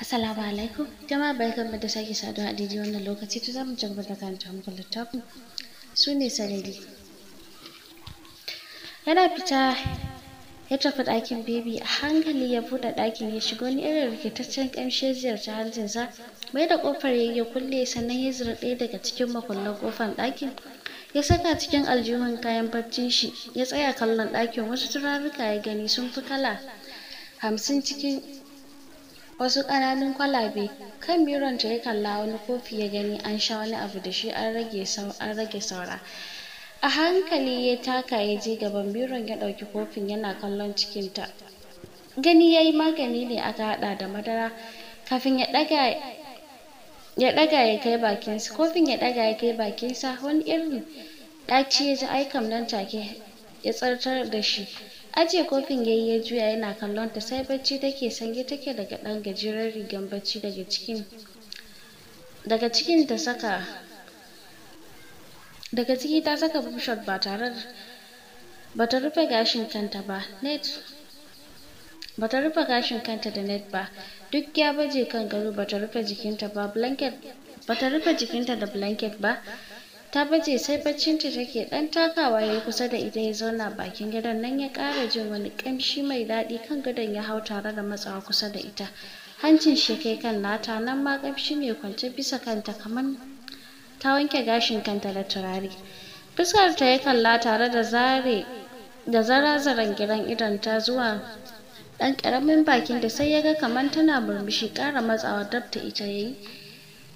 Assalamu alaikum jama'a barkanmu da sake saduwa a daidai wannan lokaci to zamu ci gaba da karanta muku littafin su ne sarari yana fita ya tafi ɗakin baby a hankali ya buɗe ɗakin ya shiga wani irin rikitaccen ƙamshi ya ziyarci hancinsa Bai da ƙofar ya yi kulle sannan ya zira ɗaya daga cikin makullan ƙofar ɗakin ya saka cikin aljihun kayan barcin shi ya tsaya kallon ɗakin wasu turaruka ya gani sun fi kala hamsin cikin wasu ƙananun kwalabe kan biron ta ya kalla wani kofi ya gani an sha wani abu da shi an rage saura a hankali ya taka ya je gaban biron ya ɗauki kofin yana kallon cikinta gani ya yi magani ne aka haɗa da madara kafin ya ɗaga ya ɗaga ya kai bakinsa kofin ya ɗaga ya kai bakinsa wani irin ɗaci ya ji aikam nan take ya tsartar da shi ajiye kofin yayi juya yana kallon ta sai bacci take sange take daga ɗan gajeren rigan bacci daga cikin daga cikin ta saka daga ciki ta saka bushot ba tare ba ta rufe gashin kanta ba net ba ta rufe gashin kanta da net ba duk ya baje kan gado ba ta rufe jikinta ba blanket ba ta rufe jikinta da blanket ba ta baje sai baccin ta take ɗan takawa yayi kusa da ita ya zauna bakin gidan nan ya kara jin wani kamshi mai daɗi kan gadon ya hau tare da matsawa kusa da ita hancin shi kai kan nata nan ma ƙamshi ne kwance bisa kanta kaman ta wanke gashin kanta da turare fuskar ta ya kalla tare da zare da zarazaran gidan idan ta zuwa dan ƙaramin bakin da sai ya ga kamar tana murmushi ƙara matsawa dab ta ita yayi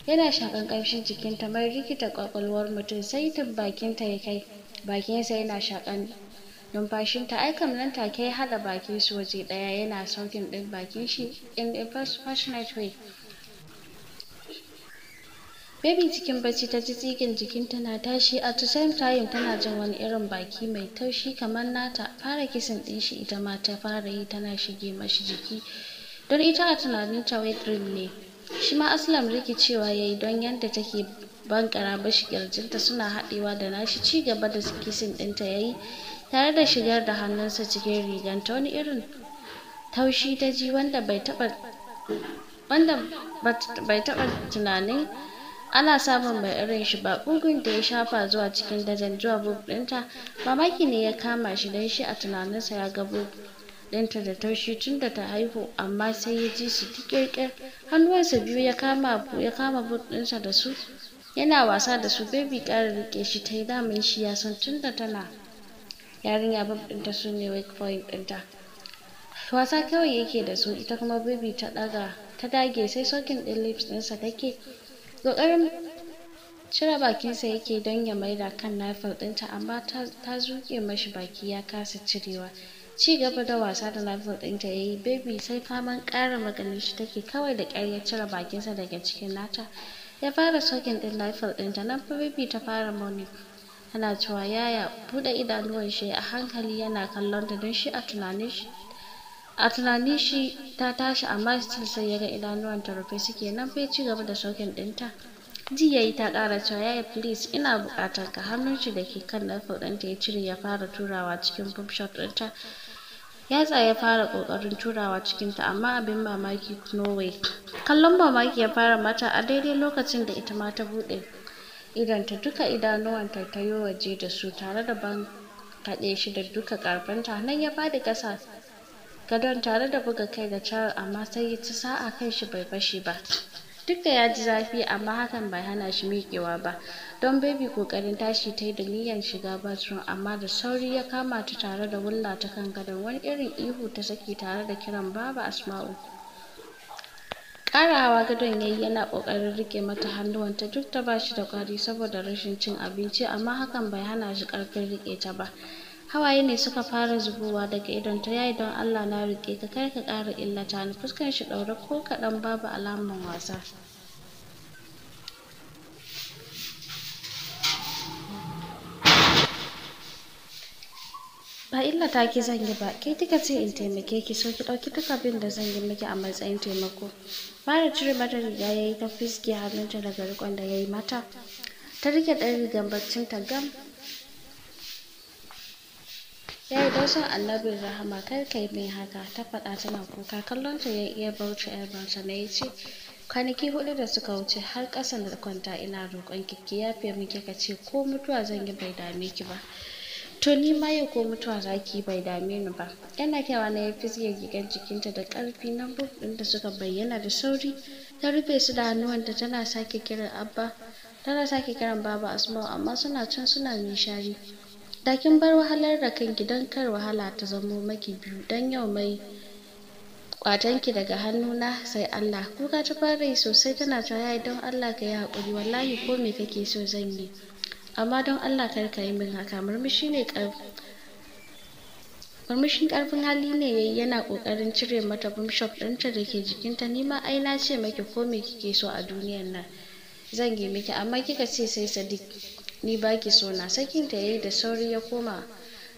yana shakan kamshin ta mai rikita kwakwalwar mutum sai ta bakin ta ya kai bakin sa yana shakan numfashinta ai kam nan take ya hada bakin su waje daya yana saukin din bakin shi in a first passionate way Baby cikin bacci ta ji tsigin jikin tana tashi at the same time tana jin wani irin baki mai taushi kamar nata fara kisan din shi ita ma ta fara yi tana shige mashi jiki don ita a tunanin ta wet dream ne shi ma aslam rikicewa ya yi don yadda take bankara bashi kirjinta suna haɗewa da nashi ci gaba da kisin ɗinta ya yi tare da shigar da hannunsa cikin riganta wani irin taushi ta ji wanda bai taɓa wanda tunanin ana samun mai irin shi ba gungun da ya shafa zuwa cikin dajen zuwa bub ɗinta mamaki ne ya kama shi don shi a tunaninsa ya ga bub ɗinta da taushi tun da ta haihu amma sai ya ji shi hannuwansa biyu ya kama ya kama ɗinsa da su yana wasa da su baby ƙara riƙe shi ta yi daman shi ya san tun da tana yarinya bab ɗinta su ne wake point ɗinta wasa kawai yake da su ita kuma baby ta ɗaga ta dage sai sokin ɗin lips ɗinsa take ƙoƙarin cire bakinsa yake don ya maida kan nafil ɗinta amma ta zuƙe mashi baki ya kasa cirewa ci gaba da wasa da lafiyar ɗinta ya yi baby sai faman ƙara maganin shi take kawai da ƙyar ya cire bakinsa daga cikin nata ya fara sokin ɗin lafiyar ɗinta nan fa baby ta fara morning tana cewa yaya buɗe idanuwan shi a hankali yana kallon ta don shi a tunanin shi a tunanin shi ta tashi amma still sai ya ga idanuwan ta rufe suke nan fa ya ci gaba da sokin ɗinta ji yayi ta ƙara cewa yaya please ina buƙatar ka hannun shi da ke kan lafiyar ɗinta ya cire ya fara turawa cikin pump shot ɗinta Yatsa ya fara ƙoƙarin turawa cikinta, amma abin mamaki way kallon mamaki ya fara mata a daidai lokacin da ita ma ta buɗe ta duka idanuwanta ta yi waje da su tare da ban kaɗe shi da duka ƙarfinta nan ya fadi ƙasa gadon tare da buga kai da Charles amma sai ya ci sa'a kan shi bai fashe ba. Duk da ya ji zafi amma hakan bai hana shi miƙewa ba, don Baby ƙoƙarin tashi ta yi da shiga bathroom amma da sauri ya kama ta tare da wulla ta kan gadon wani irin ihu ta saki tare da kiran Baba Asma'u. ƙarawa gadon yayi yana ƙoƙarin rike mata hannuwanta duk ta bashi da ƙwari saboda rashin cin abinci amma hakan bai hana shi ƙarfin riƙe ta ba. hawaye ne suka fara zubowa daga idon idonta yayi don Allah na rike ka kar ka ƙara illata ni fuskar shi ɗaure ko kaɗan babu alaman wasa ba illa ta ki zan yi ba ke kika ce in taimake ki so ki ɗauki duk abin da zan yi miki a matsayin taimako mara cire mata riga ya yi ta fiske hannunta daga rikon da ya yi mata ta rike ɗan rigar baccinta gam yayi don son annabin rahama kar ka yi min haka ta faɗa tana kuka kallon ta ya iya bauchi yar bauta na ya ce kwanaki hudu da suka wuce har ƙasan da kwanta ina roƙon ki ki yafe min kika ce ko mutuwa zan yi bai dame ki ba to ni ma yau ko mutuwa za ki bai dame ni ba yana kyawa na ya fizge gigan jikinta da ƙarfi na ɗin da suka bayyana da sauri ta rufe su da hannuwanta tana sake kiran abba tana sake kiran baba asma amma suna can suna nishari da bar wahalar da kanki don kar wahala ta zamo maki biyu don yau mai kwatanki daga hannu na sai Allah kuka ta fara yi sosai tana ta yayi don Allah ka yi haƙuri wallahi ko me kake so zan yi amma don Allah kar ka yi min haka murmushi ne murmushin karfin hali ne yayi yana kokarin cire mata bumshop ɗinta da ke jikinta nima ai na ce maki ko me kike so a duniyar nan zan yi miki amma kika ce sai sadiq ni baki so na sakin ta yayi da sauri ya koma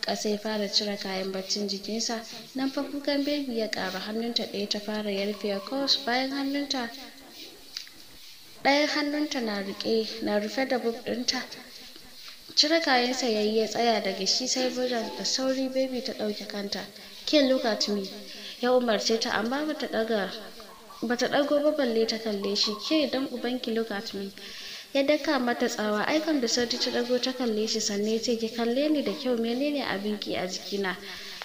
ƙasa ya fara cire kayan baccin jikinsa nan fa kukan baby ya ƙaru hannunta ɗaya ta fara yarfewa kos bayan hannunta ɗayan hannunta na riƙe na rufe da bub ɗinta cire kayansa yayi ya tsaya daga shi sai buran da sauri baby ta ɗauke kanta ken look at me ya umarce ta amma bata ɗaga bata ɗago ba balle ta kalle shi ke dan ubanki look at me ya daka mata tsawa aikan da sauti ta dago ta kalle shi sannan ya ce ki kalle ni da kyau menene abin ki a jikina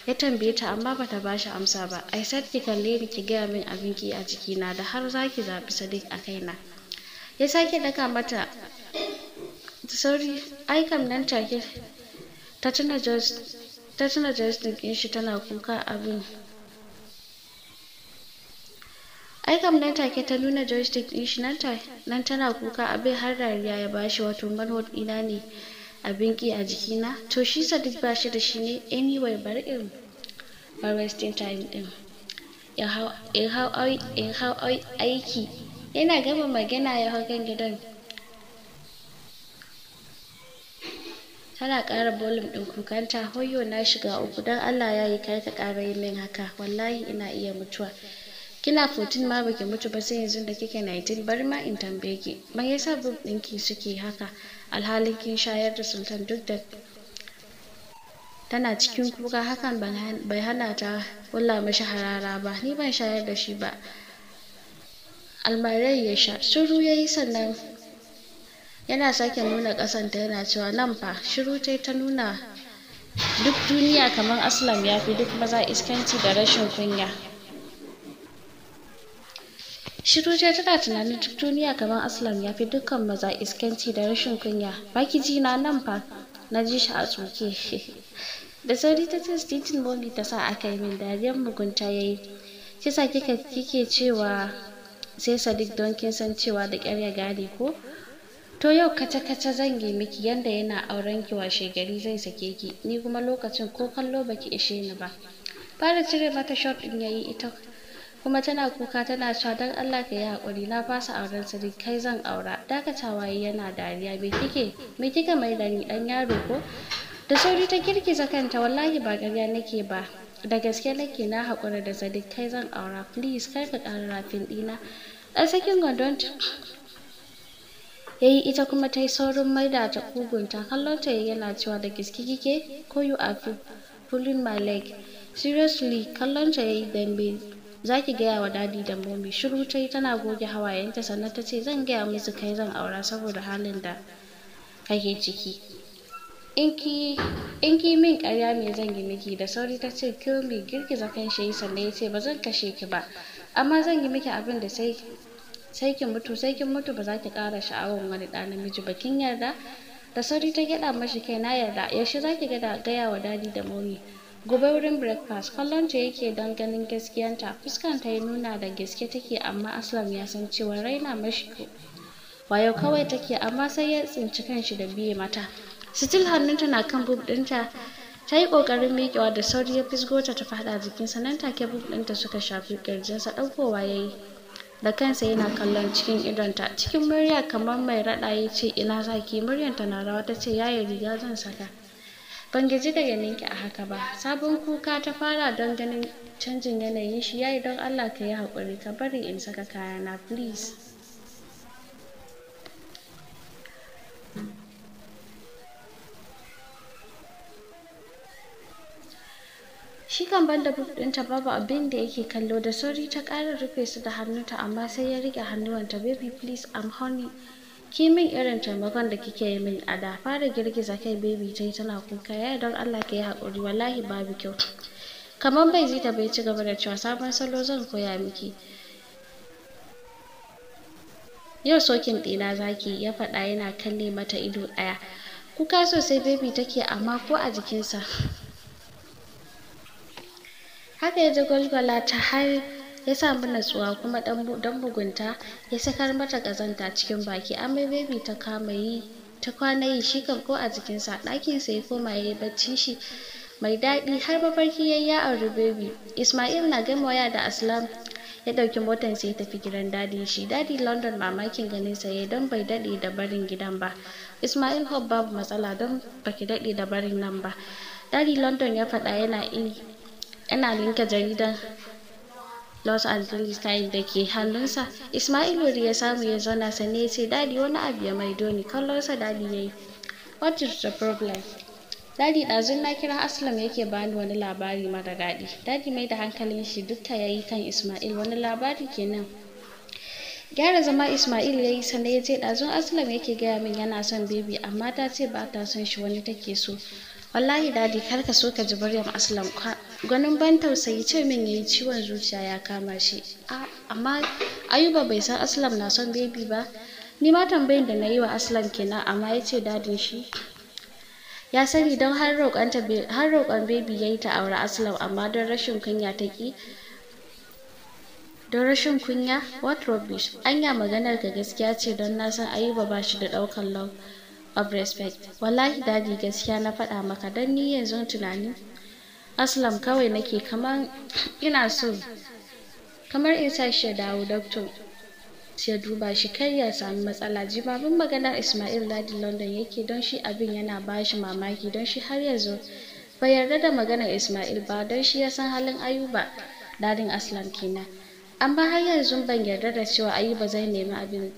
ya tambaye ta amma bata bashi amsa ba ai sai ki kalle ni ki gaya min abin ki a jikina da har zaki zabi sadiq a kaina ya sake daka mata da sauri ai nan take ta tuna George ta tuna din shi tana kuka abin ai kam nan take ta nuna joystick din shi nan nan tana kuka abin har dariya ya bashi wato manhood ɗina ne abin ki a jikina to shi sadiq ba shi da shi ne anyway bari in bar wasting time din in hau aiki yana gama magana ya hau kan gidan tana ƙara bolum ɗin kukanta hoyo na shiga uku don allah ya yi kai ka ƙara yi min haka wallahi ina iya mutuwa kina 14 ma baki mutu ba sai yanzu da kike 19 bari ma in tambaye ki me yasa group ɗinki suke haka alhalin kin shayar da sultan duk da tana cikin kuka hakan bai hana ta kula mashi harara ba ni ban shayar da shi ba almarai ya sha shiru ya yi sannan yana sake nuna ta yana cewa nan fa shiru tai ta nuna duk duniya kamar aslam ya fi duk maza iskanci da rashin kunya Shiru ce tana tunanin duk duniya gaban Aslam ya fi dukkan maza iskanci da rashin kunya. Baki ji na nan fa, na ji shi a tsoke. da sauri ta ce stitin momi ta sa aka yi min dariyar mugunta ya yi. Kisa kika kike cewa sai Sadiq don kin san cewa da ƙyar ya gane ko? To yau kace-kace zan yi miki yanda yana auren ki washe gari zai sake ki, ni kuma lokacin ko kallo baki ishe ni ba. Fara cire mata shot ɗin yayi ita kuma tana kuka tana cewa dan Allah ka yi haƙuri na fasa auren sadiq kai zan aura dakatawa yana dariya me kike me kika mai da ni dan yaro ko da sauri ta girgiza kanta wallahi ba ƙarya nake ba da gaske nake na haƙura da sadiq kai zan aura please kar ka ƙara rafin ɗina dan sakin gwandon ya yi ita kuma ta yi saurin maida ta kugunta kallon ta yana cewa da gaske kike ko you are pulling my leg seriously kallon ta ya dambe za ki gaya wa dadi da momi shiru ta yi tana goge hawayenta sannan ta ce zan gaya musu kai zan aura saboda halin da kake ciki in ki min karya mai zan yi miki da sauri ta ce kirmi girgiza kan shi sannan ya ce ba zan kashe ki ba amma zan yi miki abin da sai sai kin mutu sai kin mutu ba za ki kara sha'awar wani da namiji ba kin yarda da sauri ta gyaɗa mashi kai na yarda yaushe za ki gaya wa dadi da momi gobe wurin breakfast kallon ta yake don ganin gaskiyanta fuskan ta ya nuna da gaske take amma aslam ya san cewa raina mashi wayo kawai take amma sai ya tsinci kanshi da biye mata sitil hannunta na kan bub ɗinta ta yi ƙoƙarin miƙewa da sauri ya fisgo ta ta faɗa jikinsa nan take bub ɗinta suka shafi sa ɗaukowa ya yi da kansa yana kallon cikin idonta cikin murya kamar mai raɗa ce ina zaki muryanta na rawa ta ce yaya riga zan saka Ban gaji da ganinki a haka ba. Sabon kuka ta fara don ganin canjin yanayin shi yayi don Allah ka yi haƙuri ka bari in saka kayana please. shi kan banda book ɗinta babu abin da yake kallo da sauri ta ƙara rufe su da hannunta amma sai ya riƙe hannuwanta baby please I'm honey ki min irin taimakon da kike yi min a da fara girgiza kai baby ta yi tana kuka Yaya don Allah ka yi haƙuri wallahi babu kyau kamar bai ji ta bai ci gaba da cewa sabon salo zan koya miki yau sokin ɗina zaki ya faɗa yana kalle mata ido ɗaya kuka sosai baby take amma ko a jikinsa haka ya ji gwalgwala ta har ya samu natsuwa kuma dan bugunta ya sakar mata kazanta cikin baki amai baby ta kama yi ta kwana yi shi kan ko a jikinsa ɗakinsa ya koma ya yi barci shi mai daɗi har mafarki yayi ya auri baby ismail na gama waya da aslam ya ɗauki motar sai ya tafi gidan dadin shi dadi london mamakin ganin sa ya don bai dade da barin gidan ba ismail hob babu matsala dan baki daɗe da barin nan ba dadi london ya faɗa yana yana linka jaridan Los Angeles Times da ke hannunsa, Ismailu ya samu ya zauna sani ya ce dadi wani abu ya maido ni kallonsa dadi ya yi. What is the problem? Dadi ɗazun na kira Aslam yake bani wani labari mara daɗi. Dadi mai da hankalin shi duk ta yayi kan Ismail wani labari kenan. Gyara zama Ismail ya yi sannan ya ce ɗazun Aslam yake gaya min yana son bebi amma ta ce ba ta son shi wani take so. Wallahi dadi kar ka so ka ji Maryam Aslam Ganin ban tausayi ce min yayi ciwon zuciya ya kama shi amma ayuba bai san aslam na son bebi ba ni ma tambayin da na yi wa aslam kenan amma yace ce dadin shi ya sani don har roƙon bebi ya yi ta aure aslam amma don rashin kunya ta ki don rashin kunya what rubbish anya maganar ka gaskiya ce don na san ayuba ba shi da ɗaukan love of respect wallahi dadi gaskiya na faɗa maka don ni yanzu tunani aslam kawai nake kamar ina so kamar in sa shi ya dawo doctor ya duba shi kai ya sami matsala babin maganar ismail ladin london yake don shi abin yana bashi mamaki don shi har yanzu bai yarda da maganar ismail ba don shi ya san halin ayuba dadin aslam kenan amma har yanzu ban yarda da cewa ayuba zai nemi abin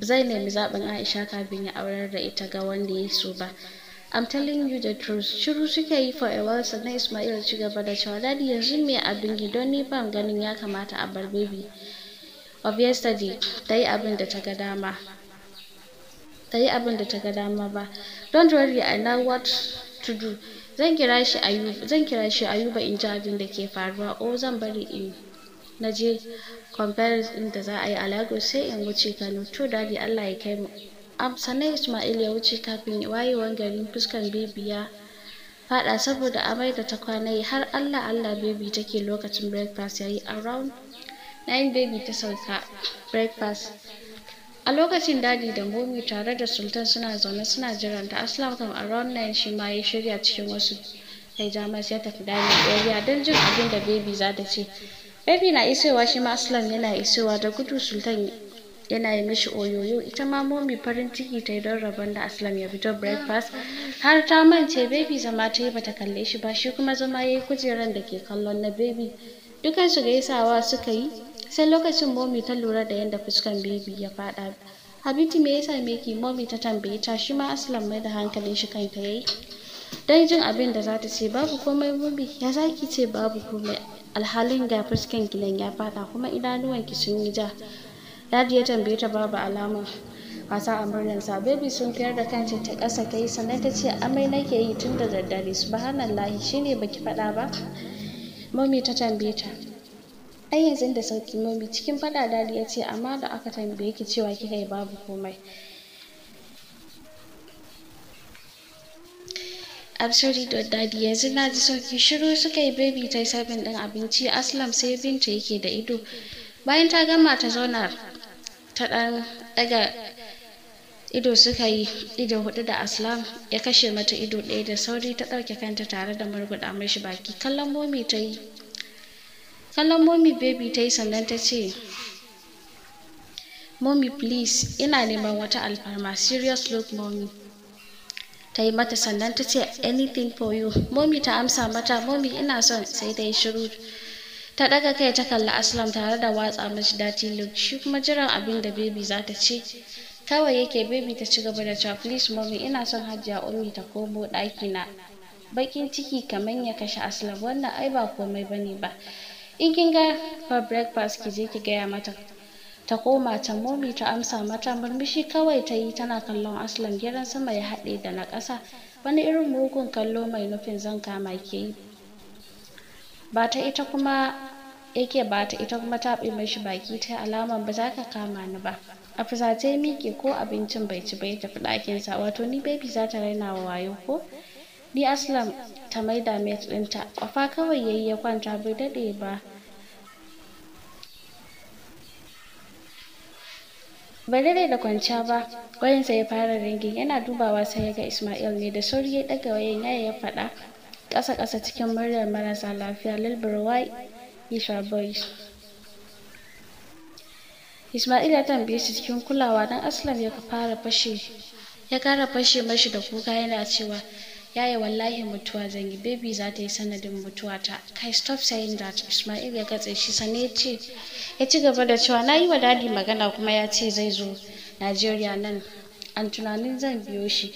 zai nemi zaɓin aisha kafin ya aurar da ita ga wanda ya so ba I'm telling you the truth. Shiru suka yi for a while sannan Ismail ci gaba da cewa dadi yanzu me abin ki don ni ban ganin ya kamata a bar baby of yesterday ta yi abin da ta ga dama. Ta yi abin da ta ga dama ba. Don't worry I know what to do. Zan kira shi Ayuba, zan kira shi Ayuba in ji abin da ke faruwa o zan bari in na je conference da za a yi a Lagos sai in wuce Kano. To dadi Allah ya kai mu. sannan Ismail ya wuce kafin wayewar garin fuskan bebi ya faɗa saboda amai da ta kwana yi har Allah Allah bebi take lokacin breakfast yayi around nine bebi ta sauka breakfast a lokacin dadi da momi tare da sultan suna zaune suna jiran ta aslam kam around nine shi ma ya shirya cikin wasu hijamas ya tafi dani area don jin abin da baby za ta ce baby na isowa shi ma aslam yana isowa da gudu sultan yana yi mishi oyoyo ita ma momi farin ciki ta yi don rabon da aslam ya fito breakfast har ta mance baby zama ta yi bata kalle shi ba shi kuma zama ya yi kujeran da ke kallon na baby dukan su yasawa suka yi sai lokacin momi ta lura da yadda fuskan baby ya faɗa Habiti me yasa meki momi ta tambaye ta shi ma Aslam mai da hankalin shi kanta yayi. Don jin abin da za ta ce babu komai momi, ya zaki ce babu komai alhalin ga fuskan gidan ya fada kuma idanuwan sun yi ja. Dadi ya tambaye ta babu alama wasan a sa Baby sun fiyar da kanta ta kasa ta yi sannan ta ce amai nake yi tun da daddare subhanallahi shine baki faɗa ba. Mami ta tambaye ta. Ai yanzu da sauki mami cikin faɗa dadi ya ce amma da aka tambaye ki cewa kika yi babu komai. I'm sorry da daddy yanzu na ji sauki shiru suka yi baby ta yi sabin ɗin abinci aslam sai binta yake da ido bayan ta gama ta zauna ta ɗan ɗaga ido suka yi ido huɗu da aslam ya kashe mata ido ɗaya da sauri ta ɗauke kanta tare da murguɗa mashi baki kallon momi ta yi kallon momi baby ta yi sannan ta ce momi please ina neman wata alfarma serious look momi ta yi mata sannan ta ce anything for you momi ta amsa mata momi ina son sai dai shiru ta ɗaga kai ta kalli aslam tare da watsa mashi dati look shi kuma jiran abin da baby za ta ce kawai yake baby ta ci gaba da cewa please mommy ina son hajiya ummi ta komo ɗaki na Baƙin ciki kamar ya kashe aslam wannan ai ba komai bane ba in kin ga for breakfast ki je ki gaya mata ta koma ta momi ta amsa mata murmushi kawai ta yi tana kallon aslam gidan sama ya haɗe da na ƙasa wani irin mugun kallo mai nufin zan kama ke yi ba ta ita kuma yake ba ta ita kuma ta ɓi mashi baki ta alaman ba za ka kama ni ba a fusace ko abincin bai ci ba ya tafi sa. wato ni baby za ta raina wa wayo ko ni aslam ta maida mate ɗinta kwafa kawai yayi ya kwanta bai daɗe ba bai daɗe da kwanciya ba wayansa ya fara ringin yana dubawa sai ya ga ismail ne da sauri ya ɗaga wayan ya faɗa kasa ƙasa cikin muryar marasa lafiya lilbir why isha boys Ismail ya tambaye shi cikin kulawa dan Aslam ya fara fashe ya kara fashe mashi da kuka yana cewa yaya wallahi mutuwa zan yi baby za ta yi sanadin mutuwa ta kai stop saying that Ismail ya katse shi sane ya ce ya ci gaba da cewa na yi wa dadi magana kuma ya ce zai zo Najeriya nan an tunanin zan biyo shi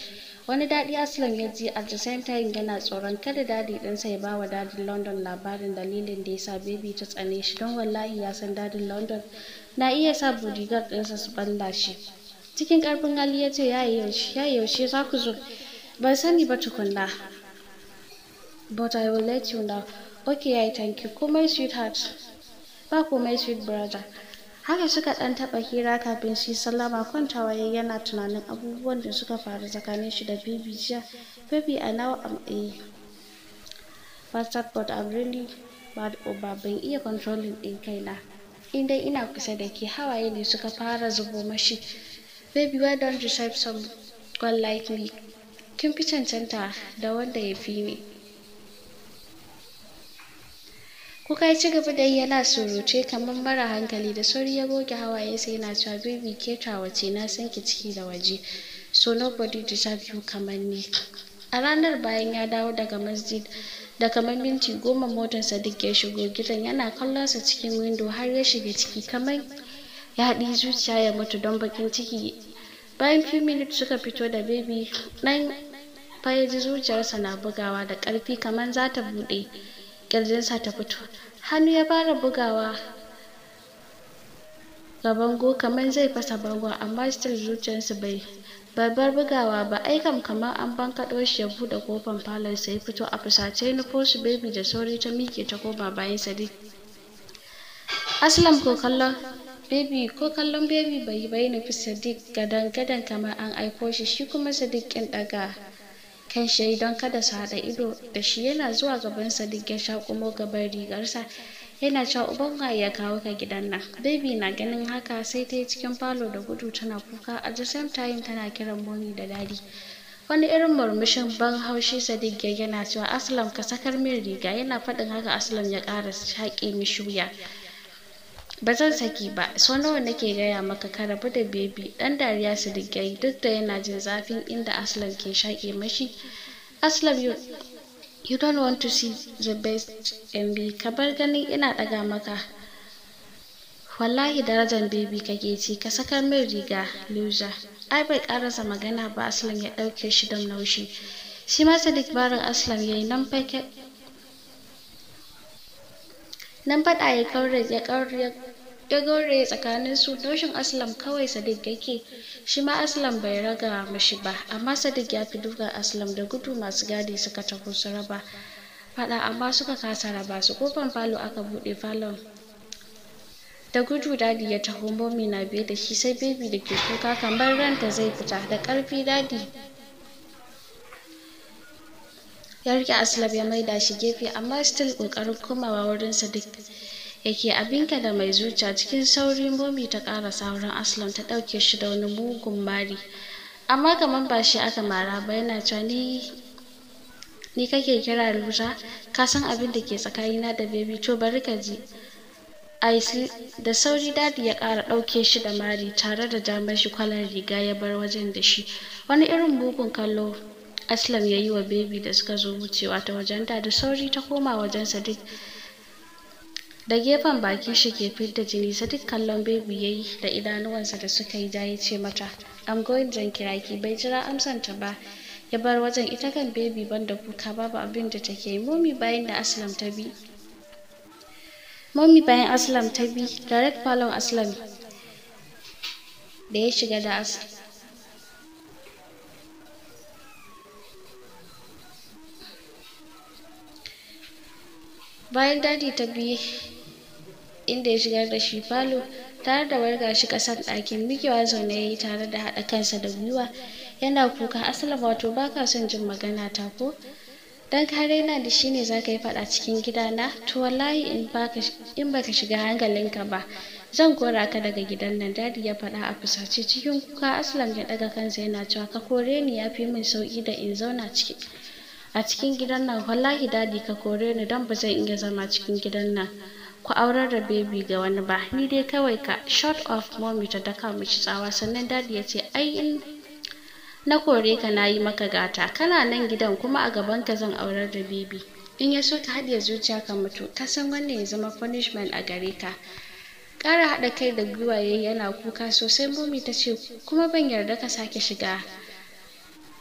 wani daɗi aslam ya ji at the same time yana tsoron kada dadi ɗinsa ya bawa dadin london labarin dalilin da yasa baby ta tsane shi don wallahi ya san dadin london na iya sa bodyguard ɗinsa su balla shi cikin ƙarfin hali ya ce ya yaushe za ku zo ban sani ba tukunna but i will let you know okay i thank you komai sweetheart ba komai sweet brother haka suka ɗan taɓa hira kafin shi sallama kwantawa yayi yana tunanin abubuwan da suka faru tsakanin shi da bibi jiya a i now am a bastard but i'm really bad over oh, ban iya controlling ɗin kaina in dai ina kusa da ke hawaye ne suka fara zubo mashi baby why don't you some someone like kin fi cancanta da wanda ya fi ni Kuka yi ci gaba da yi yana surutai kamar mara hankali da sauri ya goge hawayensa yana cewa baby ke wace na san ki ciki da waje so nobody deserve you kamar ni. A ranar bayan ya dawo daga masjid da kamar minti goma motarsa duk ya shigo gidan yana kallonsa cikin windo har ya shiga ciki kamar ya haɗi zuciya ya mutu don bakin ciki. Bayan few minutes suka fito da baby ɗan zuciyarsa na bugawa da ƙarfi kamar za ta buɗe. ƙirjinsa ta fito hannu ya fara bugawa ga bango kamar zai fasa bangon amma still zuciyarsa bai babbar bugawa ba ai kamar an bankaɗo shi ya buɗe kofar falon sai fito a fusace na su baby da sauri ta miƙe ta koma bayan dai aslam ko kallon baby ko kallon baby bai yi bai nufi sadiq gadan gadan kamar an aiko shi shi kuma sadiq kin ɗaga kan shi don kada su haɗa ido da shi yana zuwa gaban Sadiq ya sha kuma gaban rigarsa yana cewa uban ya kawo ka gidan nan baby na ganin haka sai ta yi cikin falo da gudu tana kuka a the same time tana kiran moni da dadi wani irin murmushin ban haushi sadiq yana cewa aslam ka sakar min riga yana faɗin haka aslam ya ƙara shaƙe mishi wuya ba zan saki ba so nawa nake gaya maka ka rabu da bebi dan dariya su rigayi duk da yana jin zafin inda aslam ke shaƙe mashi aslam yau you don't want to see the best mb ka bar ganin ina ɗaga maka wallahi darajan bebi kake ci ka sakar min riga loser ai bai karasa magana ba aslam ya ɗauke shi da naushi shi ma sadiq barin aslam ya yi nan fake nan faɗa ya kaure ya kaure tsakanin su doshin aslam kawai sadiq yake shi ma aslam bai raga mashi ba amma sadiq ya fi dukan aslam da gudu masu gadi suka taho su raba fada amma suka kasa raba su kofan falo aka buɗe falon da gudu dadi ya taho momi na biye da shi sai bebi da ke kuka kamar ranta zai fita da ƙarfi dadi ya rike aslab ya maida shi gefe amma still kokarin komawa wurin sadiq yake abinka da mai zuciya cikin sauri momi ta ƙara sauran aslam ta ɗauke shi da wani mugun mari amma kamar ba shi aka mara ba yana cewa ni ni kake kira lura ka san abin da ke tsakanina da baby to bari ka ji aisi da sauri dadi ya ƙara ɗauke shi da mari tare da ja shi kwalar riga ya bar wajen da shi wani irin bugun kallo aslam ya yi wa bebi da suka zo wucewa ta wajenta da sauri ta koma wajen sadiq da gefen baki shi ke fidda jini sadiq kallon bebi ya yi da idanuwansa da suka yi jaye ce mata i'm going zan kira ki bai jira amsanta ba ya bar wajen ita kan bebi banda kuka babu abin da take momi bayan da aslam ta bi momi bayan aslam ta bi direct falon aslam da ya shiga da bayan dadi ta bi inda ya shigar da shi falo tare da warga shi kasan ɗakin mikewa zaune ya yi tare da haɗa kansa da gwiwa yana kuka asalin wato ba ka son jin magana ta ko dan ka raina da shi ne za ka yi faɗa cikin gidana to wallahi in baka shiga hankalinka ba zan kora ka daga gidan nan dadi ya faɗa a fusace cikin kuka aslam ya ɗaga kansa yana cewa ka kore ni ya fi min sauƙi da in zauna ciki a cikin gidan nan wallahi dadi ka kore ni dan ba zan iya zama cikin gidan nan ku aurar da baby ga wani ba ni dai kawai ka short of mommy ta daka mishi tsawa sannan dadi ya ce ai in na kore ka na yi maka gata kana nan gidan kuma a gaban ka zan aurar da baby in ya so ka haɗiye zuciya ka mutu ka san wannan ya zama punishment a gare ka ƙara haɗa kai da gwiwaye yana kuka sosai momi ta ce kuma ban yarda ka sake shiga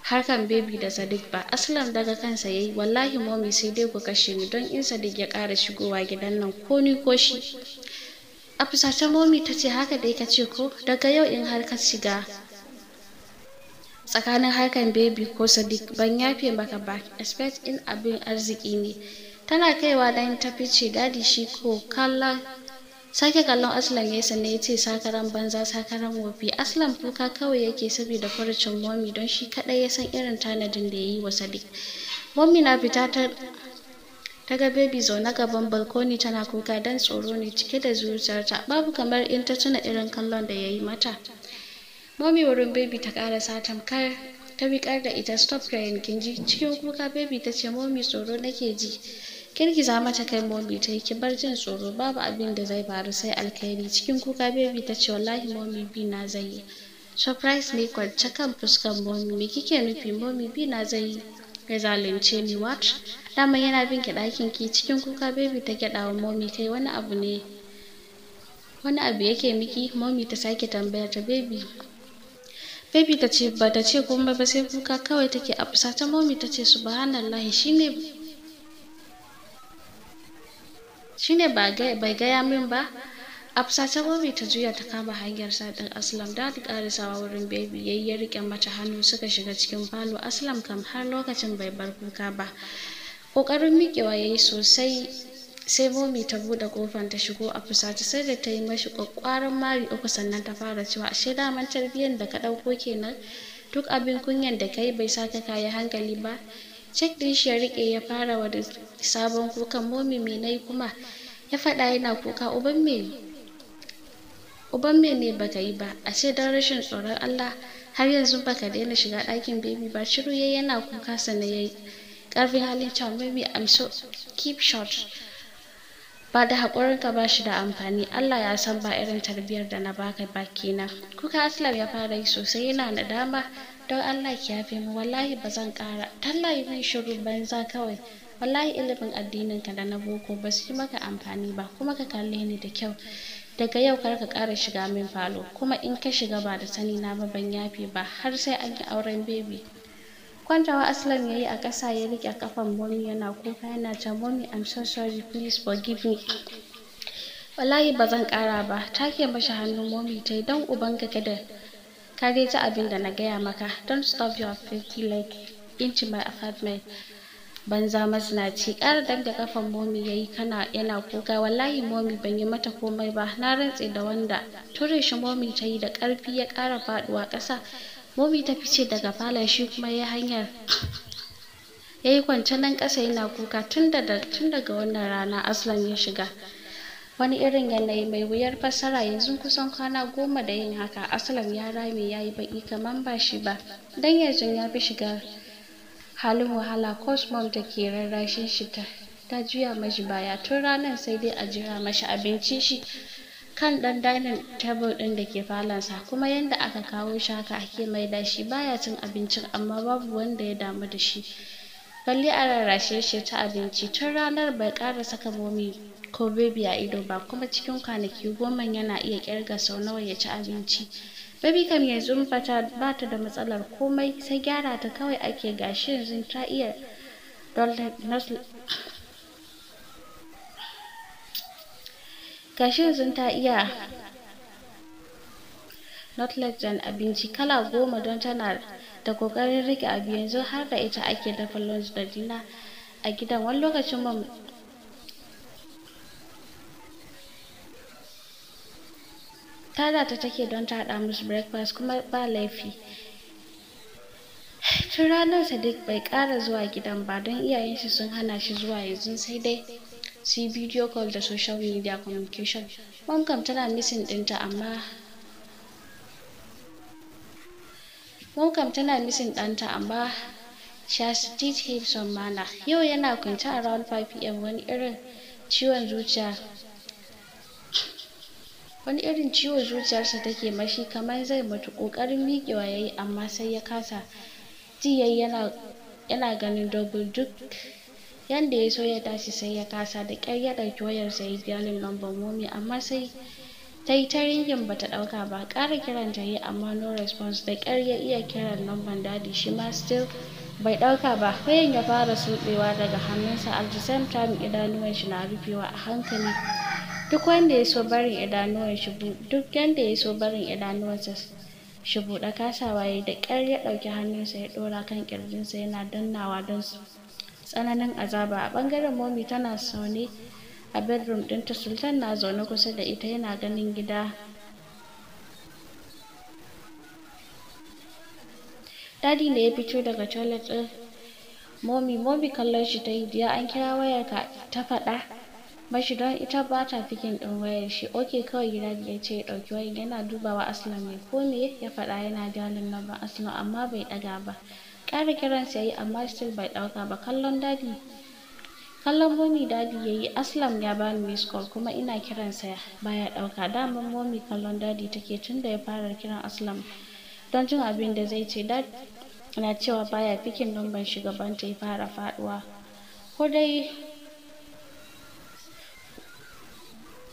harkan baby da sadiq ba aslam daga kansa yayi wallahi momi sai dai ku kashe ni don in sadiq ya kara shigowa gidan nan ko ni ko shi a fusace momi ta ce haka dai ka ce ko daga yau in har ka shiga tsakanin harkan baby ko sadiq ban yafe maka ba expect in abin arziki ne tana kaiwa dan ta fice dadi shi ko kallon sake kallon aslan ya sannan ya ce sakaran banza sakaran wofi aslan kuka kawai yake saboda furucin momi don shi kadai ya san irin tanadin da ya yi wa sadiq momi na fita ta daga bebi zaune gaban balkoni tana kuka don tsoro ne cike da zuciyarta babu kamar in ta tuna irin kallon da ya yi mata momi wurin bebi ta kara sa tamkar ta wikar da ita stop crying kinji cikin kuka bebi ta ce momi tsoro nake ji girgiza mata kai momi ta yi ki bar jin tsoro babu abin da zai faru sai alkhairi cikin kuka baby ta ce wallahi momi bi na zai yi surprise ne kwance kan fuskan momi me kike nufi momi bi na zai yi ya zalunce ni what daman yana bin ki ɗakin ki cikin kuka baby ta gyaɗa wa momi kai wani abu ne wani abu yake miki momi ta sake tambayar ta baby baby ta ce ba ta ce komai ba sai kuka kawai take a fusata momi ta ce subhanallahi shine shine bai gaya min ba a fusace gobe ta juya ta kama hanyar sadin aslam da ta sawa wurin bebi yayi ya rike mata hannu suka shiga cikin falo aslam kam har lokacin bai bar kuka ba kokarin miƙewa yayi sosai sai momi ta buɗe kofar ta shigo a fusace sai da ta yi mashi kwakwaran mari uku sannan ta fara cewa ashe daman tarbiyyar da ka ɗauko kenan duk abin kunyan da yi bai sa ka kayi hankali ba cek din shi ya rike ya fara wa sabon kukan momi me na yi kuma ya faɗa yana kuka uban me uban me ne baka yi ba A ce don rashin tsoron allah har yanzu baka daina shiga ɗakin baby ba shiru ya yana kuka sannan ya yi ƙarfin halin cewa baby i'm so keep short ba da haƙurin ka bashi da amfani Allah ya san ba irin tarbiyyar da na baka ba kenan kuka aslam ya fara yi sosai yana nadama don Allah ki yafe mu wallahi ba zan ƙara tallahi min shiru banza kawai wallahi ilimin addinin ka da na boko ba su yi maka amfani ba kuma ka kalle ni da kyau daga yau kar ka ƙara shiga min falo kuma in ka shiga ba da sani na ba ban yafe ba har sai an yi auren bebi kwantawa aslam ya yi a ƙasa ya riƙe kafan momi yana kuka yana ta momi i'm so sorry please forgive me wallahi ba zan ƙara ba take mashi hannun momi ta yi don ubanka kada ka dai ji abin da na gaya maka don't stop your filthy like into my apartment banza mazinaci ƙara dan da kafan momi yayi kana yana kuka wallahi momi ban yi mata komai ba na rantse da wanda ture shi momi ta yi da karfi ya kara faɗuwa kasa momi ta fice daga falon shi kuma ya hanyar ya yi kwance nan ƙasa yana kuka tun daga wannan rana aslan ya shiga wani irin yanayi mai wuyar fassara yanzu kusan kwana goma da yin haka aslan ya rame ya yi baƙi kamar ba shi ba Dan yanzu ya fi shiga halin wahala cosmos da ke rarrashin shi ta ta juya mashi baya tun ranar sai dai a jira mashi abincin shi kan ɗan dining table ɗin da ke falansa kuma yanda aka kawo shi haka ake maida shi baya cin abincin amma babu wanda ya damu da shi Kalli a rarrashe shi ta abinci tun ranar bai ƙara saka momi ko bebi a ido ba kuma cikin kwanaki goma yana iya ƙirga sau nawa ya ci abinci Baby kam yanzu mafata ba ta da matsalar komai sai gyara ta kawai ake gashi yanzu ta iya gashi yanzu ta iya abinci kala goma don tana da kokarin rike abu yanzu har da ita ake dafa lunch da dina a gidan wani lokacin tada ta take don ta haɗa musu breakfast kuma ba laifi tun ranar sadiq bai ƙara zuwa gidan ba don iyayensu sun hana shi zuwa yanzu sai dai su yi video call da social media communication kam tana missing ɗinta amma Monkam tana missing ɗanta amma Chastity Hibson Mana yau yana kwance a 5 pm wani irin ciwon zuciya wani irin ciwo zuciyarsa take mashi kamar zai mutu ƙoƙarin miƙewa ya amma sai ya kasa ji yana yana ganin double duk yanda ya so ya tashi sai ya kasa da ƙyar ya ɗauki wayarsa ya yi dialing number momi amma sai ta yi ta ringin ba ta ɗauka ba ƙara kiran ta yi amma no response da ƙyar ya iya kiran number dadi shi ma still bai ɗauka ba wayan ya fara sutsewa daga hannunsa at the same time idanuwan shi na rufewa a hankali duk wanda ya so barin idanuwan shi duk yanda ya so barin sa shi buɗe kasawa ya da ƙyar ya ɗauki hannunsa ya ɗora kan ƙirjinsa yana dannawa don tsananin azaba a ɓangaren momi tana sauni a bedroom ta. sultan na zaune kusa da ita yana ganin gida dadi ne ya fito daga toilet ɗin momi momi kallon shi ta yi diya an kira wayarka ta faɗa bashi don ita ba ta fikin ɗin wayar shi oke kawai gida ya ce ya ɗauki wayar yana dubawa aslam ne ko me ya faɗa yana dalin lambar aslam amma bai ɗaga ba ƙara kiran ya yi amma still bai ɗauka ba kallon dadi kallon momi dadi yayi aslam ya bani miss call kuma ina kiran kiransa baya ɗauka dama momi kallon dadi take tun da ya fara kiran aslam don jin abin da zai ce dad na cewa baya fikin numban ta ya fara faduwa ko dai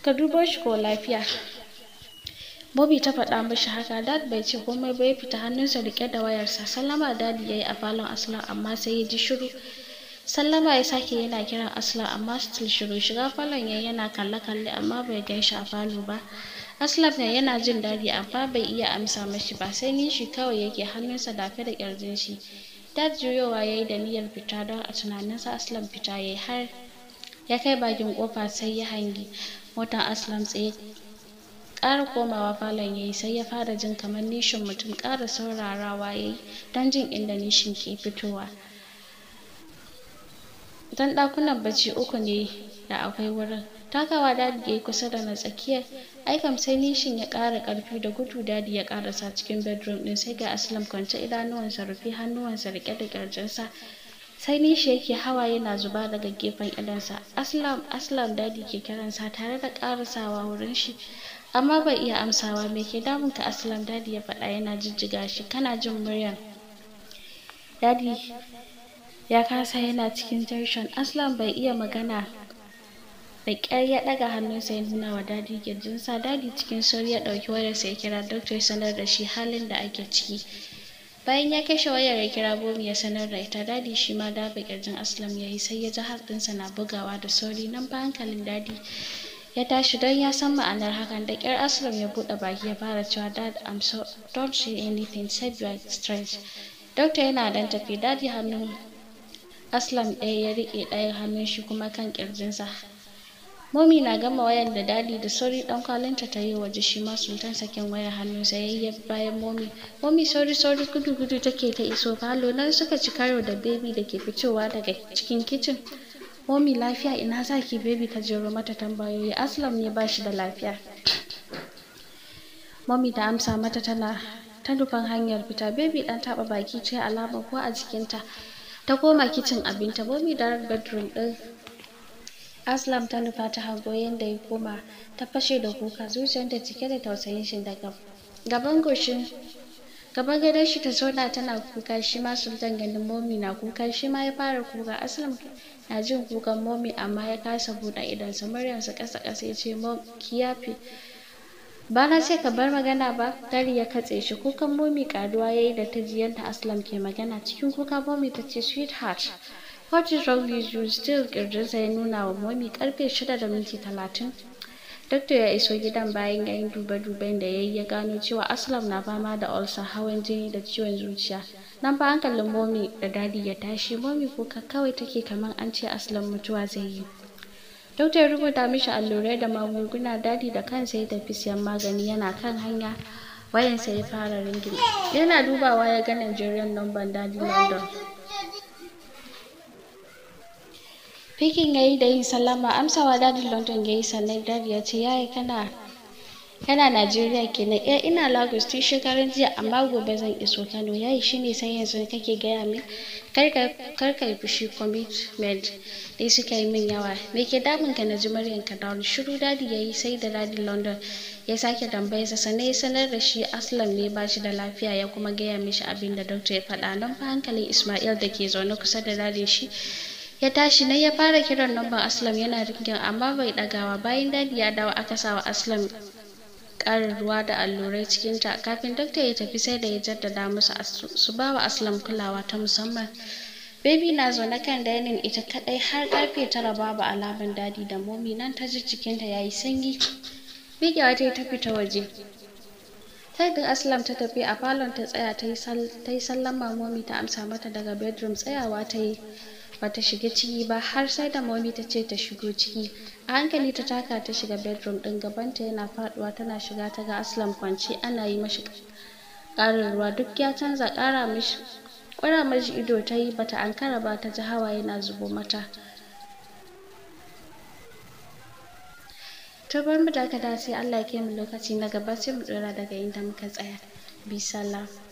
ka dubo shi ko lafiya Bobby ta faɗa mashi haka dad bai ce komai ba ya fita hannunsa rike da wayarsa sallama dadi yi a falon aslan amma sai ya ji shiru sallama ya sake yana kiran aslan amma still shiru shiga falon ya yana kalle kalle amma bai shi a falo ba aslan ne yana jin dadi amma bai iya amsa mashi ba sai ni shi kawai yake hannunsa dafe da kirjin shi dad juyowa yayi da niyyar fita don a tunaninsa aslan fita ya yi har ya kai bakin kofa sai ya hangi motar aslam tsaye ƙara komawa falon ya yi sai ya fara jin kamar nishin mutum ƙara saurarawa ya yi don jin inda nishin ke fitowa don ɗakunan bacci uku ne da akwai wurin takawa dadi ya yi kusa da na tsakiyar ai sai nishin ya ƙara ƙarfi da gudu dadi ya ƙarasa cikin bedroom ɗin sai ga aslam kwance idanuwansa rufe hannuwansa riƙe da ƙirjinsa sai nishi yake hawa yana zuba daga gefen idonsa aslam aslam dadi ke kiransa tare da karasawa wurin shi amma bai iya amsawa me ke damun ka aslam dadi ya faɗa yana jijjiga shi kana jin muryan dadi ya kasa yana cikin tension aslam bai iya magana da ƙyar ya ɗaga hannunsa ya nuna wa dadi kirjinsa dadi cikin sauri ya ɗauki wayarsa ya kira doctor ya sanar da shi halin da ake ciki Bayan ya kashe wayar ya kira Bomi ya sanar da ita dadi shi ma daba kirjin Aslam ya yi sai ya ji hardinsa na bugawa da sauri nan ba hankalin dadi ya tashi don ya san ma'anar hakan da kyar Aslam ya buɗe baki ya fara cewa dad I'm so don't say anything save your strength. Dokta yana dan tafi dadi hannun Aslam ɗaya ya riƙe ɗaya hannun shi kuma kan ƙirjinsa Momi na gama wayar da dadi da sauri dan kwalinta ta yi waje shi ma sultan sakin wayar hannu sayayye bayan momi. Momi sauri sauri gudu gudu take ta iso falo nan suka ci karo da baby da ke fitowa daga cikin kicin. Momi lafiya ina zaki baby ta jero mata tambayoyi Aslam ne bashi da lafiya. Momi ta amsa mata tana ta nufan hanyar fita baby dan taba baki ce alama ko a jikinta. Ta koma kicin abinta momi da bedroom din Aslam ta nufa ta hango yadda ya koma ta fashe da kuka zuciyarta cike da tausayin shi daga gaban goshin gaban gadon shi ta zauna tana kuka shi ma sultan ganin momi na kuka shi ya fara kuka aslam na jin kukan momi amma ya kasa buɗe muryar sa ƙasa ƙasa ya ce mom ki yafe ba na ce ka bar magana ba dari ya katse shi kukan momi karuwa ya yi da ta ji yadda aslam ke magana cikin kuka momi ta ce sweetheart What is wrong with you still ya nuna wa momi karfe shida da minti talatin. Dokta ya iso gidan bayan yayin duba-duben da ya ya gano cewa Aslam na fama da ulcer hawan jini da ciwon zuciya. Nan ba hankalin momi da dadi ya tashi momi kuka kawai take kamar an ce Aslam mutuwa zai yi. Dokta ya rubuta mishi allurai da magunguna dadi da kansa ya tafi siyan magani yana kan hanya. wayansa ya fara ringin yana dubawa ya ga Nigerian number dadi London Fikin ya yi da yin sallama amsawa dadin London ya yi sannan Dad ya ce yaya kana kana Najeriya kenan eh ina Lagos tun shekaran jiya amma gobe zan iso Kano yayi shine san yanzu kake gaya min kar ka yi fushi commitment dai suka yi min yawa me ke damun ka na ji muryan ka down shiru dadi yi sai da dadin London ya sake tambayarsa sannan ya sanar da shi aslam ne ba shi da lafiya ya kuma gaya mishi abin da doctor ya faɗa don fa hankalin Ismail da ke zaune kusa da dadin shi ya tashi nan ya fara kiran numban aslam yana ringin amma bai ɗagawa bayan dadi ya dawo aka sawa aslam karin ruwa da allurai cikinta kafin dokta ya tafi sai da ya jaddada musu su bawa wa aslam kulawa ta musamman Baby na zaune kan dainin ita kadai har karfe tara babu alamun dadi da momi nan ta ji ya yayi sanyi. Bigewa ta ta fita waje. Taibin Aslam ta tafi a falon ta tsaya ta yi sallama momi ta amsa mata daga bedroom tsayawa ta yi. bata shiga ciki ba har sai da momi ta ce ta shigo ciki a hankali ta taka ta shiga bedroom din gabanta yana faɗuwa tana shiga ta ga aslam kwance ana yi mashi karin ruwa duk ya canza kara mishi kwara mashi ido ta yi bata ankara ba ta ji hawa yana zubo mata Ta bar mu dakata sai Allah ya kai mu lokaci na gaba sai mu dora daga inda muka tsaya bi sallah